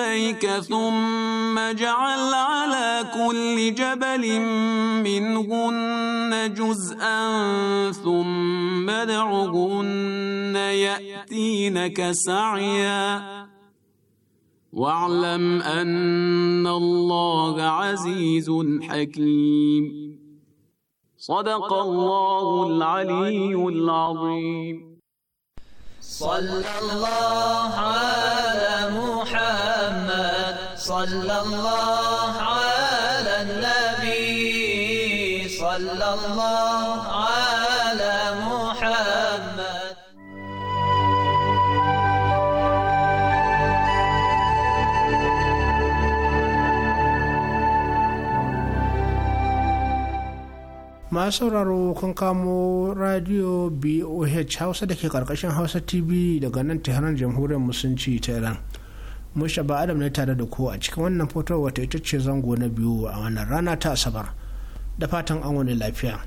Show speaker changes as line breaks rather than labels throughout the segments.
إليك ثم اجعل على كل جبل منهن جزءا ثم ادعهن يأتينك سعيا واعلم أن الله عزيز حكيم صدق الله العلي العظيم صلى الله على محمد
صلى الله على النبي صلى الله على محمد
ma sauraro kun kamo radio boh hausa da ke karkashin hausa tv daga nan tehran jamhuriyar musulunci ta iran musha ba adam ne tare da ku a cikin wannan fotowar wata ita ce zango na biyu a wannan rana ta asabar da fatan an wani lafiya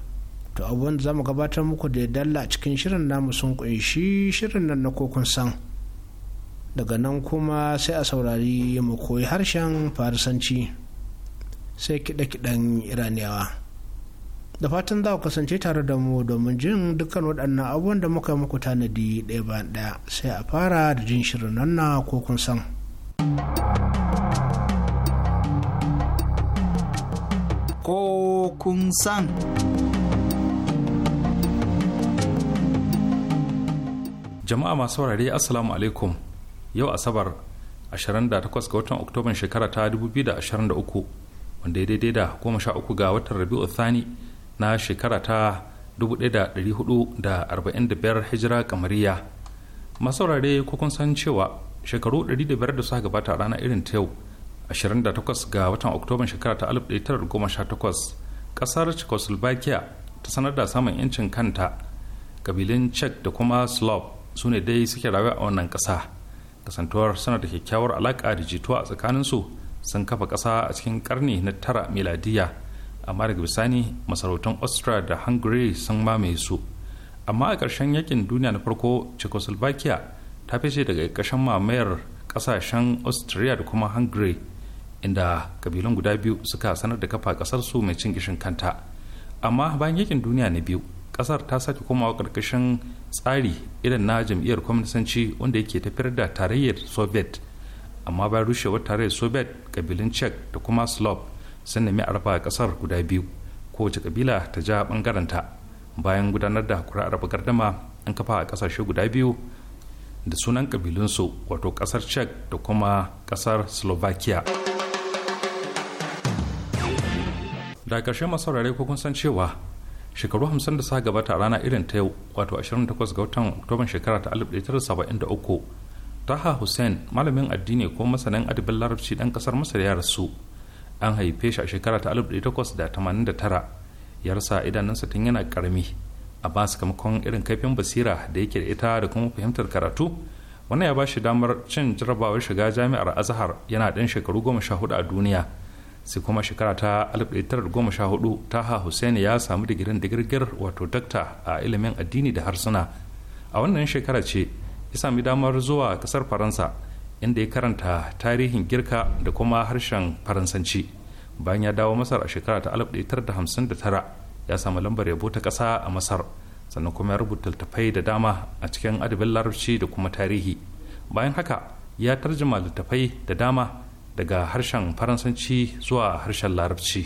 to abubuwan da zamu gabatar muku da ya dalla a cikin shirin namu sun kunshi shirin nan na kokun san daga nan kuma sai a saurari mu koyi harshen farisanci sai kiɗa kiɗen iraniyawa da fatan za ku kasance tare da mu domin jin dukkan waɗannan abubuwan da muka muku tanadi ɗaya bayan ɗaya sai a fara da jin shirin nan na kokun san. Ko
kun san.
Jama'a masu warare Assalamu alaikum yau Asabar 28 ga watan Oktoban shekara ta 2023 wanda ya daidai da 13 ga watan Rabi'u Thani na shekara ta 1445 hijira kamariya. masu warare kun san cewa shekaru 500 da suka gabata a rana irin ta yau 28 ga watan oktoban shekara ta 1918 kasar czechoslovakia ta sanar da samun yancin kanta kabilin czech da kuma slav su ne dai suke rayuwa a wannan kasa kasantuwar sanar da kyakkyawar alaƙa da jituwa a tsakaninsu sun kafa kasa a cikin karni na tara miladiya amma daga bisani masarautan austria da hungary sun mamaye su amma a ƙarshen yakin duniya na farko czechoslovakia ta fice daga ƙashin mamayar ƙasashen austria da kuma hungary inda kabilan guda biyu suka sanar da kafa kasar su mai cin gishin kanta amma bayan yakin duniya na biyu ƙasar ta sake komawa ƙarƙashin tsari irin na jam'iyyar kwamnisanci wanda yake tafiyar da tarayyar soviet amma bayan rushewar tarayyar soviet kabilun czech da kuma slav sun nemi a raba ƙasar guda biyu kowace kabila ta ja ta bayan gudanar da kuri'ar gardama an kafa a ƙasashe guda biyu da sunan kabilunsu wato kasar czech da kuma kasar slovakia da ƙarshe masaurare ko kun san cewa shekaru 50 da sa gabata a rana irin ta yau wato 28 ga watan oktoban shekara ta 1973 taha hussein malamin addini ko masanin adabin larabci ɗan ƙasar masar ya rasu an haife shi a shekara ta 1889 ya rasa idanunsa tun yana ƙarami a ba sakamakon irin kaifin basira da yake da ita da kuma fahimtar karatu wannan ya ba shi damar cin jarabawar shiga jami'ar azhar yana ɗan shekaru goma sha hudu a duniya sai kuma shekara ta alif goma sha hudu taha hussein ya samu digirin digirgir wato dakta a ilimin addini da harsuna a wannan shekara ce ya sami damar zuwa kasar faransa inda ya karanta tarihin girka da kuma harshen faransanci bayan ya dawo masar a shekara ta alif da da hamsin tara. ya samu lambar yabo ta ƙasa a masar sannan kuma ya rubuta littattafai da dama a cikin adabin larabci da kuma tarihi bayan haka ya tarjima littattafai da dama daga harshen faransanci zuwa harshen larabci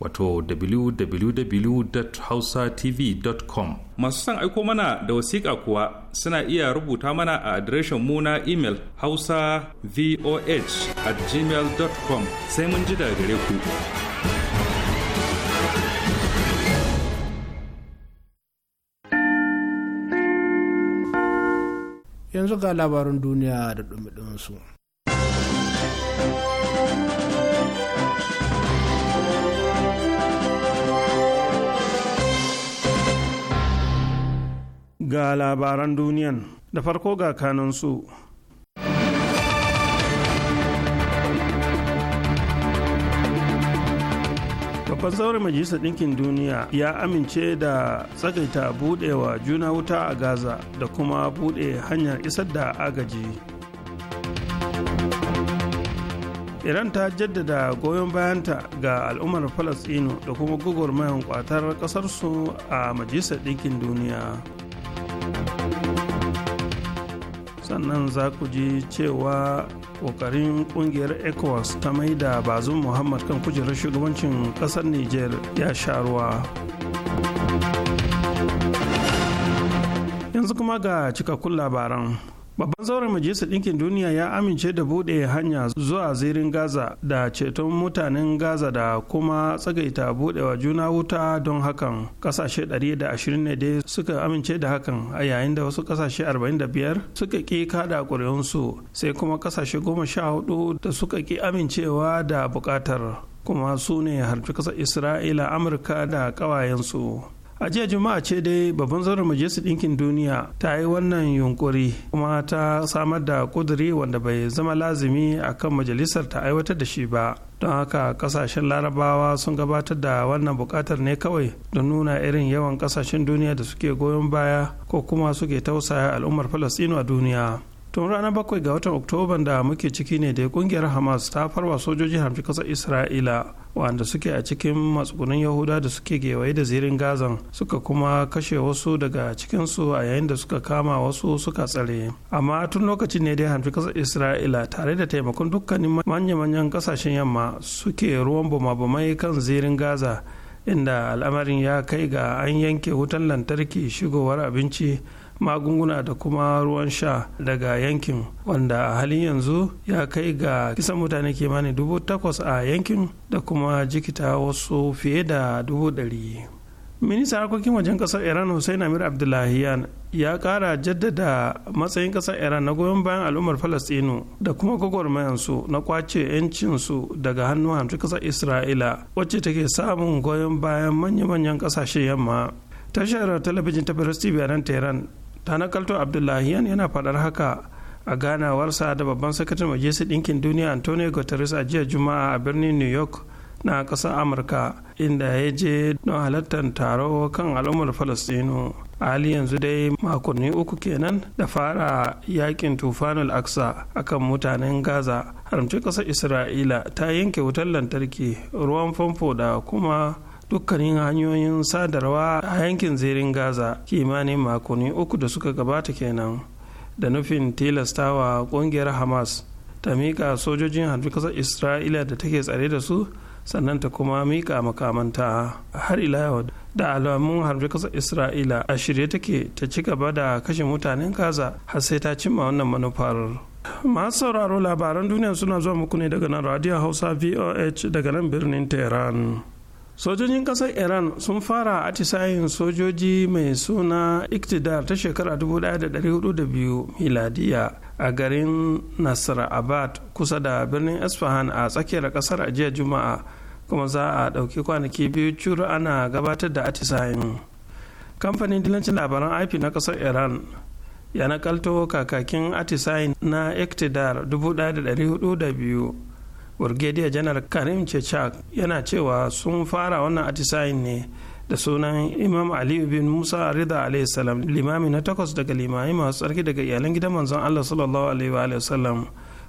wato www.hausatv.com masu son aiko mana da wasiƙa kuwa suna iya rubuta mana a adireshin mu na imel hausa voh at gmail.com sai mun ji daga gare ku
yanzu ga labarin duniya da dumi su.
ga labaran duniyan da farko ga kanansu. babban saurin majalisar ɗinkin duniya ya amince da tsakaita buɗewa juna wuta a gaza da kuma buɗe hanyar isar da agaji iran ta jaddada goyon bayanta ga al'ummar falasɗinu da kuma gugurmayan kwatar ƙasarsu a majalisar ɗinkin duniya sannan za ku ji cewa kokarin kungiyar ecowas ta maida bazin muhammad kan kujerar shugabancin kasar niger ya sha ruwa yanzu kuma ga cikakkun labaran babban zauren majalisar ɗinkin duniya ya amince da buɗe hanya zuwa zirin gaza da ceton mutanen gaza da kuma tsagaita buɗewa juna wuta don hakan ƙasashe 120 ne suka amince da hakan a yayin da wasu ƙasashe 45 suka ƙi kada ƙuri'unsu sai kuma ƙasashe 14 da suka ƙi amincewa da buƙatar kuma su ne harfi ƙasar isra'ila amurka da ƙawayensu a jiya juma'a ce dai babban zauren majalisar ɗinkin duniya ta yi wannan yunkuri kuma ta samar da ƙuduri wanda bai zama lazimi a kan majalisar ta aiwatar da shi ba don haka ƙasashen larabawa sun gabatar da wannan buƙatar ne kawai don nuna irin yawan ƙasashen duniya da suke goyon baya ko kuma suke tausaya al'ummar falastinu a duniya tun ranar bakwai ga watan oktoban da muke ciki ne da kungiyar hamas ta farwa sojoji hamshi kasar isra'ila wanda suke a cikin matsugunan yahuda da suke gewaye da zirin gazan suka kuma kashe wasu daga cikinsu a yayin da suka kama wasu suka tsare amma tun lokacin ne dai hamshi kasar isra'ila tare da taimakon dukkanin manya-manyan kasashen yamma suke ruwan bama-bamai kan zirin gaza inda al'amarin ya kai ga an yanke wutan lantarki shigowar abinci magunguna da kuma ruwan sha daga yankin wanda a halin yanzu ya kai ga kisan mutane kimanin dubu takwas a yankin da kuma jikita wasu fiye da dubu ɗari ministan harkokin wajen kasar iran hussein amir abdullahiyan ya kara jaddada matsayin kasar iran na goyon bayan al'ummar falastinu da kuma gwagwarmayansu na kwace 'yancinsu daga hannun hamsin kasar isra'ila wacce take samun goyon bayan manya-manyan kasashe yamma tashar talabijin ta firas tv a nan tehran tanakalto abdullahi yana faɗar haka a ganawarsa da babban sakataren majalisar ɗinkin duniya antonio guterres a jiya juma'a a birnin new york na ƙasar amurka inda ya je don halartar taro kan al'ummar falastinu hali yanzu dai makonni uku kenan da fara yakin tufanul aksa akan mutanen gaza haramci ƙasar isra'ila ta yanke wutar lantarki ruwan famfo da kuma dukkanin hanyoyin sadarwa a yankin zirin gaza kimanin makonni uku da suka gabata kenan da nufin tilastawa kungiyar hamas ta miƙa sojojin hannun kasar isra'ila da take tsare da su sannan ta kuma miƙa makamanta har ila yau da alamun harbi ƙasar isra'ila a shirye take ta ci gaba da kashe mutanen gaza har sai ta cimma wannan manufar masu sauraro labaran duniya suna zuwa muku ne daga nan radio hausa voh daga nan birnin tehran sojojin kasar iran sun fara atisayin sojoji mai suna iktidar ta shekara 1402 miladiya a garin abad kusa da birnin isfahan a tsakiyar kasar a jiya juma'a kuma za a ɗauki kwanaki biyu curu ana gabatar da atisayin kamfanin dilancin labaran ip na kasar iran ya nakalto kakakin atisayin na iktidar 1402 burgediya janar karim chechak yana cewa sun fara wannan atisayin ne da sunan imam ali bin musa rida salam limami na takwas daga limami masu tsarki daga iyalan gidan manzon allah sallallahu alaihi wa sallam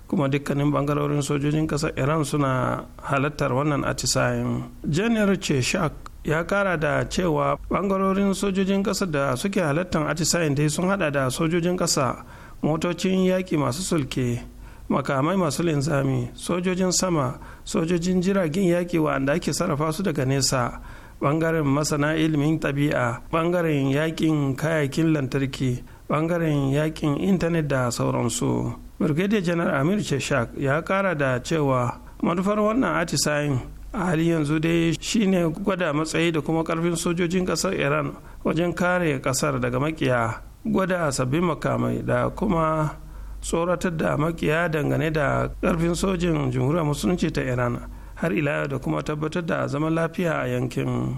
kuma dukkanin bangarorin sojojin kasar iran suna halartar wannan atisayin janar chechak ya kara da cewa bangarorin sojojin kasar da suke halartar atisayin dai sun hada da sojojin kasa motocin yaki masu sulke makamai masu linzami sojojin sama sojojin jiragen yaƙi wanda ake sarrafa su daga nesa bangaren masana ilimin ɗabi'a bangaren yaƙin kayakin lantarki bangaren yakin intanet da sauransu brigadier janar amir sheshak ya kara da cewa manufar wannan atisayin a halin yanzu dai shine gwada matsayi da kuma karfin sojojin kasar iran wajen kare kasar daga makiya gwada sabbin makamai da kuma tsoratar da makiya dangane da karfin sojin jamhuriyar musulunci ta iran har ila da kuma tabbatar da zaman lafiya a yankin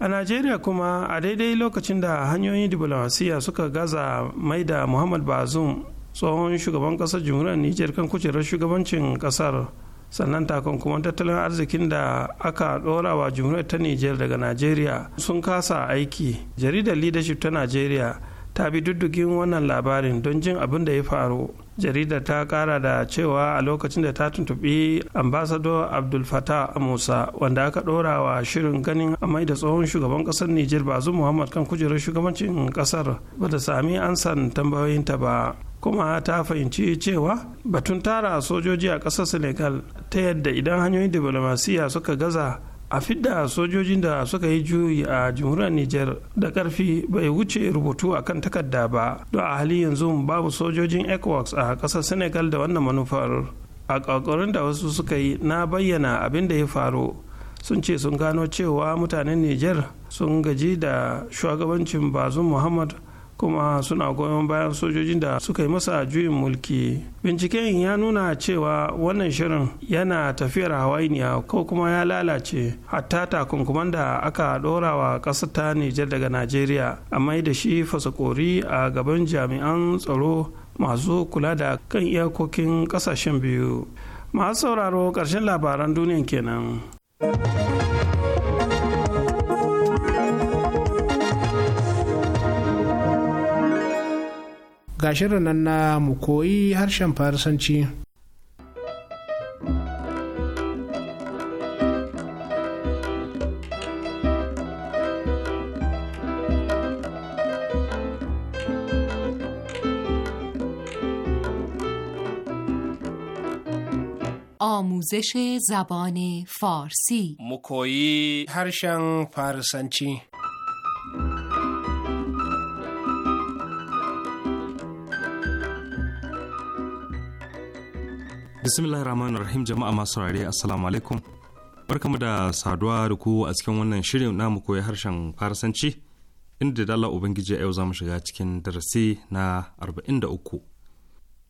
a najeriya kuma a daidai lokacin da hanyoyin diplomasiya suka gaza mai da muhammad bazum tsohon shugaban kasar jamhuriyar niger kan kujerar shugabancin kasar sannan takunkuman tattalin arzikin da aka dora wa jamhuriyar ta niger daga najeriya sun kasa aiki jaridar leadership ta najeriya ta bi diddigin wannan labarin don jin abin da ya faru jaridar ta kara da cewa a lokacin da ta tuntubi ambassador abdul fatah musa wanda aka dora wa shirin ganin amai da tsohon shugaban kasar niger bazu muhammad kan kujerar shugabancin kasar ba ta sami ansan tambayoyinta ba kuma ta fahimci cewa batun tara sojoji a kasar senegal ta yadda idan hanyoyin diplomasiya suka gaza a fidda sojojin da suka yi juyi a jamhuriyar niger da karfi bai wuce rubutu a kan takarda ba don a hali yanzu babu sojojin ecowas a ƙasar senegal da wannan manufar a ƙaƙarin da wasu suka yi na bayyana abin da ya faru sun ce sun gano cewa mutanen niger sun gaji da shugabancin bazum muhammad kuma suna goyon bayan sojojin da suka yi masa juyin mulki binciken ya nuna cewa wannan shirin yana tafiyar hawainiya ko kuma ya lalace hatta takunkuman da aka ɗora wa ƙasar ta nijar daga najeriya a mai da shi fasakori a gaban jami'an tsaro masu kula da kan iyakokin ƙasashen biyu masu sauraro ƙarshen labaran duniya kenan.
ga shirin nan na mu koyi harshen farsanci
آموزش زبان فارسی
مکویی هرشن فارسنچی
bismillahir rahmanir rahim jama'a masu saurare assalamu alaikum barkamu da saduwa da ku a cikin wannan shirin namu koyi harshen farasanci inda dala ubangiji yau za mu shiga cikin darasi na arba'in da uku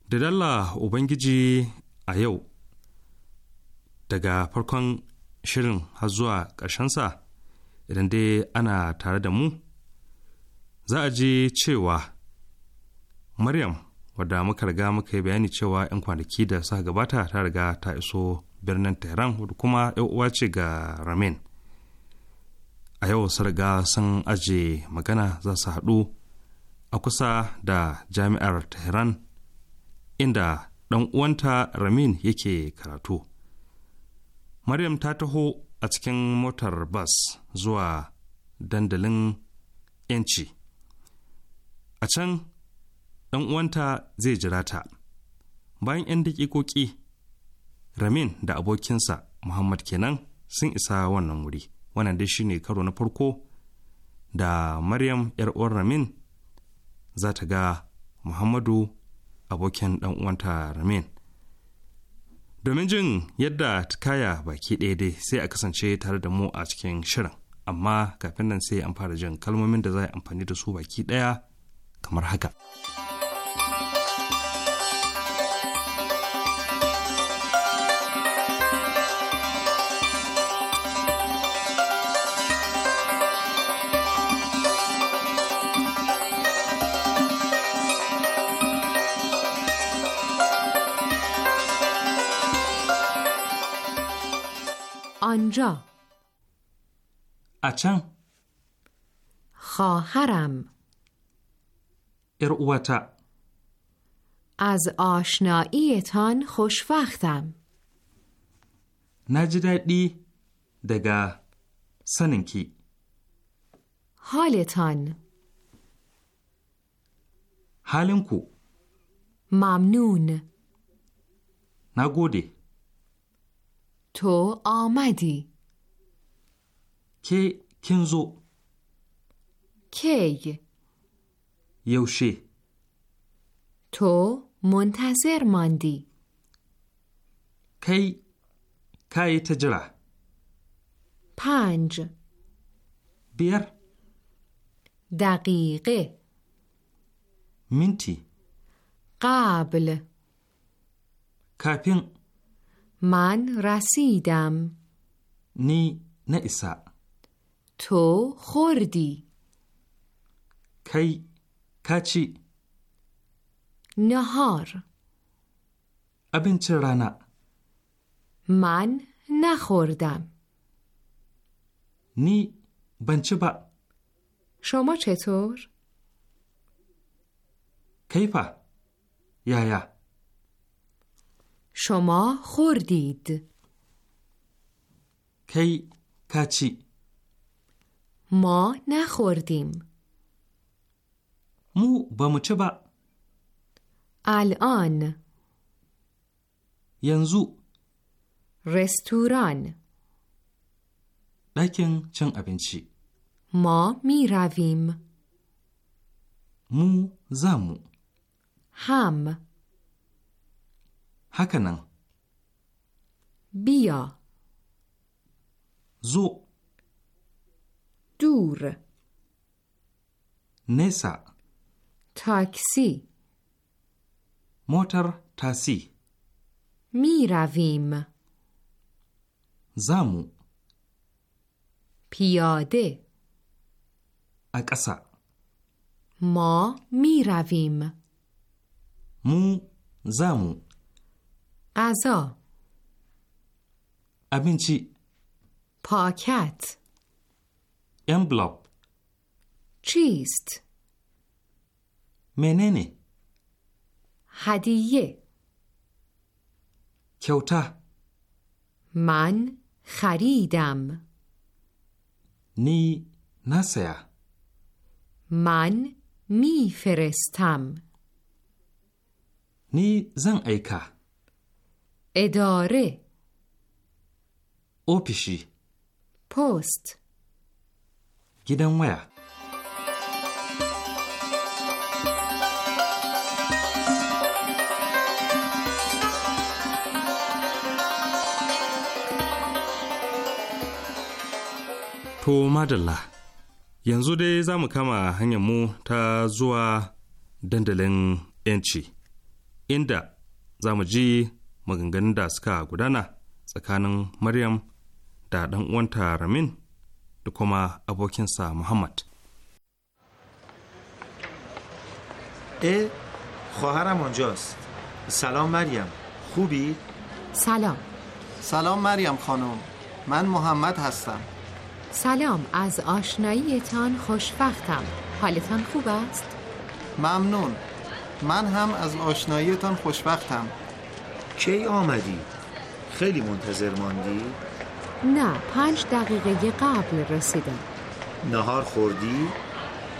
dala ubangiji a yau daga farkon shirin har zuwa ƙarshensa idan dai ana tare da mu za a ji cewa maryam wadda muka riga muka yi bayani cewa 'yan kwanaki da suka gabata ta riga ta iso birnin tehran wadda kuma uwa ce ga ramin a yau Sarga riga sun aje magana za su haɗu a kusa da jami'ar tehran inda ɗan uwanta ramin yake karatu maryam ta taho a cikin motar bas zuwa dandalin 'yanci a can ɗan uwanta zai jira ta bayan 'yan daƙiƙoƙi ramin da abokinsa muhammad kenan sun isa wannan wuri wannan dai shine karo na farko da maryam 'yar uwar ramin za ta ga muhammadu abokin ɗan uwanta ramin domin jin yadda ta kaya baki ɗaya dai sai a kasance tare da mu a cikin shirin amma kafin nan sai an fara jin kalmomin da za a amfani da su baki ɗaya kamar haka.
آنجا اچم خواهرم
اروتا
از آشناییتان خوشوقتم
نجددی دگا سننکی
حالتان حالنکو ممنون
نگودی
تو آمدی کی کنزو کی یوشی تو منتظر ماندی
کی کی تجره
پنج بیر دقیقه منتی قبل کپین من رسیدم
نی نئسا
تو خوردی کی کچی نهار
ابن چرانا
من نخوردم
نی بنچه با
شما چطور؟
کیفا یا یا
شما خوردید
کی کچی
ما نخوردیم
مو با مچه
الان ینزو رستوران
لیکن چن ابنچی
ما می رویم
مو زمو
هم haka nan biya zo dur nesa taksi
motar tasi
miravim zamu piyade a ƙasa ma miravim
mu zamu غذا چی
پاکت امبلاب چیست مننه هدیه کوتا من خریدم
نی نسیا
من میفرستم
نی زن ایکا.
اداره اوپیشی پست
گیدن ویا To madalla, yanzu dai za mu kama mu ta zuwa dandalin 'yanci, inda za mu ji maganganun da suka gudana tsakanin maryam da ɗan uwanta ramin da kuma abokinsa muhammad
اه خواهرم آنجاست سلام مریم خوبی؟ سلام سلام مریم خانم من محمد هستم
سلام از آشناییتان خوشبختم حالتان خوب است؟
ممنون من هم از آشناییتان خوشبختم کی آمدی؟ خیلی منتظر ماندی؟
نه پنج دقیقه قبل رسیدم
نهار خوردی؟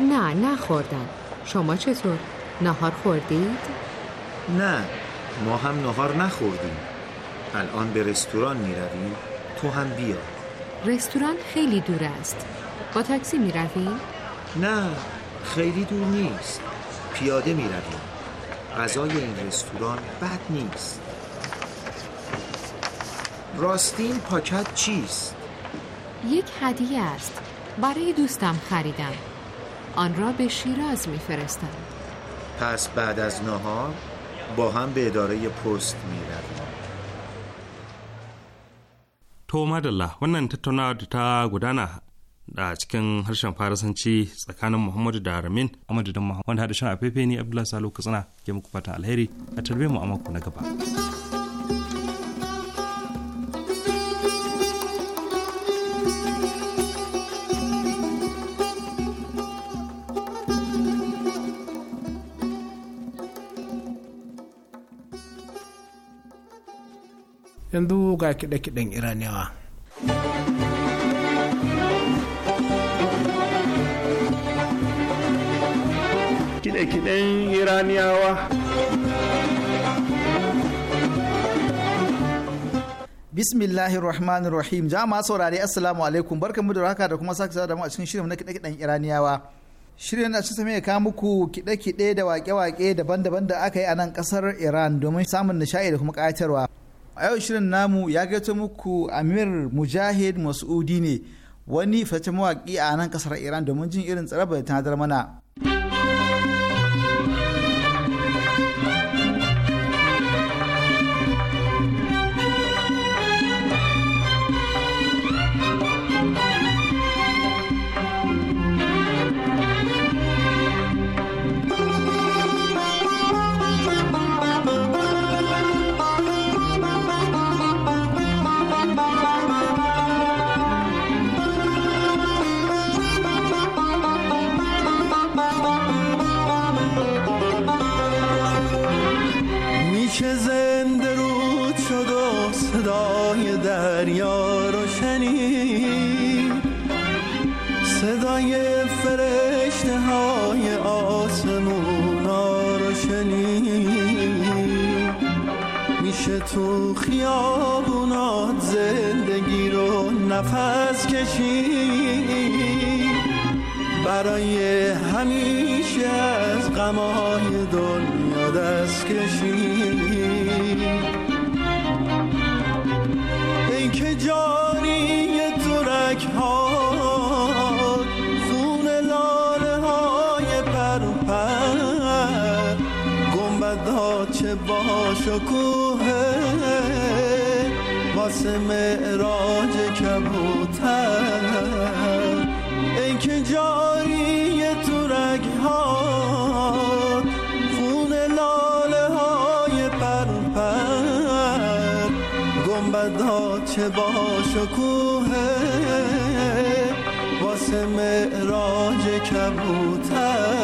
نه نخوردم شما چطور؟ نهار خوردید؟ نه
ما هم نهار نخوردیم الان به رستوران می رویم تو هم بیا
رستوران خیلی دور است با تاکسی می
نه خیلی دور نیست پیاده می رویم غذای این رستوران
بد نیست راستین پاکت چیست؟
یک هدیه است برای دوستم خریدم آن را به شیراز میفرستم
پس بعد از نهار با هم به اداره پست میرویم
To madalla wannan tattauna da ta gudana da cikin harshen farasanci tsakanin Muhammadu da Ramin a madadin Muhammadu Hadashin a ni ne Abdullahi Salo Katsina ke muku fata alheri a tarbe mu a na gaba.
yanzu ga kiɗe-kiɗen iraniyawa kiɗe-kiɗen iraniyawa rahim Jama'a saurare Assalamu alaikum. Barkanmu da da kuma sake da mu a cikin shirin na kiɗe-kiɗen Iraniyawa. Shirin na cikin ya kawo muku kiɗe-kiɗe da waƙe-waƙe daban-daban da aka yi a nan ƙasar Iran domin samun nishaɗi da kuma ƙayatarwa. a yau shirin namu ya gaito muku amir mujahid mas'udi ne wani fitaccen mawaƙi a nan ƙasar iran domin jin irin tsarabar da tanadar
mana.
نفس کشی برای همیشه از غمای دنیا دست کشی ای که جاری ترک ها خون لاله های پر پر ها چه باشکوه کوه قاسم کبوتر ای که جاری تو رگ ها خون لاله های پرپر گنبد چه با شکوه واسه معراج کبوتر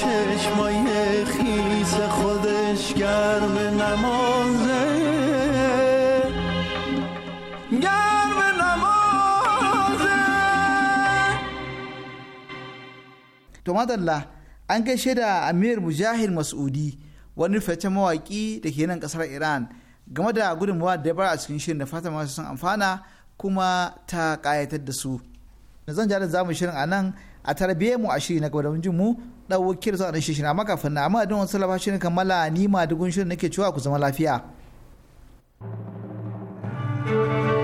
چشمای خیس خودش گرم نمازه گرم
نمازه to madalla an gaishe da amir mujahid mas'udi wani fitaccen mawaƙi da ke nan ƙasar iran game da gudunmawa da bar a cikin shirin da fata masu sun amfana kuma ta ƙayatar da su da zan ja da zamu shirin a nan a tarbiyyar mu a shiri na gaba da mu dawo wakil zuwa na shina amma kafin na amma don wasu labar kammala ni ma dugun shirin nake cewa ku zama lafiya. thank you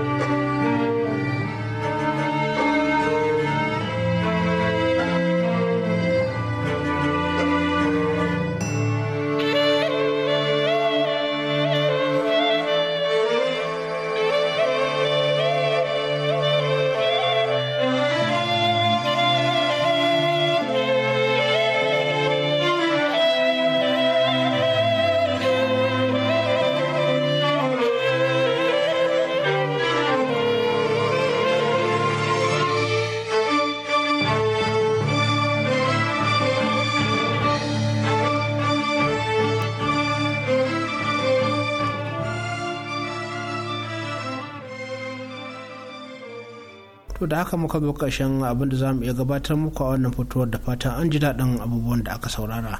to da haka muka zo ƙarshen abin da za mu iya gabatar muku a wannan fitowar da fatan an ji daɗin abubuwan da aka saurara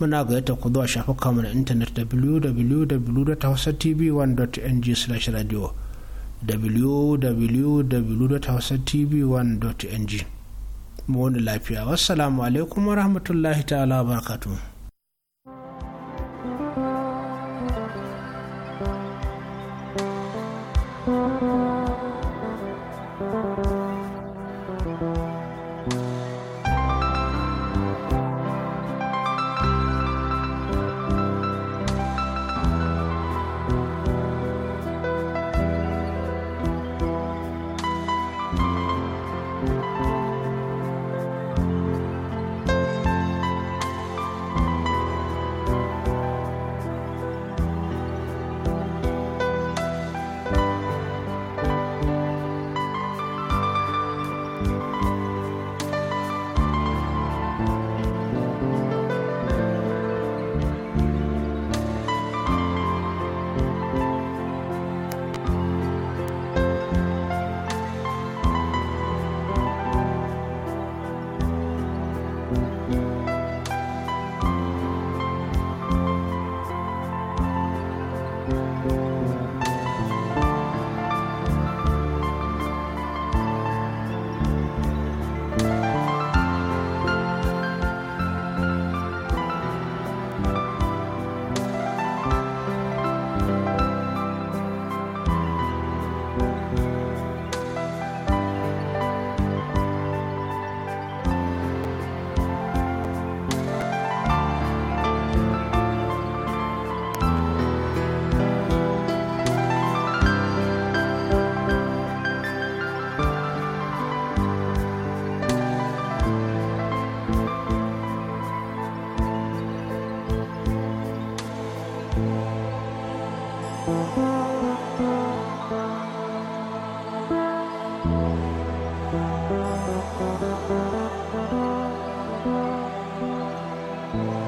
muna gayyata ku zuwa mu na intanet www.hausatv1.ng slash radio www.hausatv1.ng mu wani lafiya wassalamu alaikum warahmatullahi ta'ala barakatuhu
啊。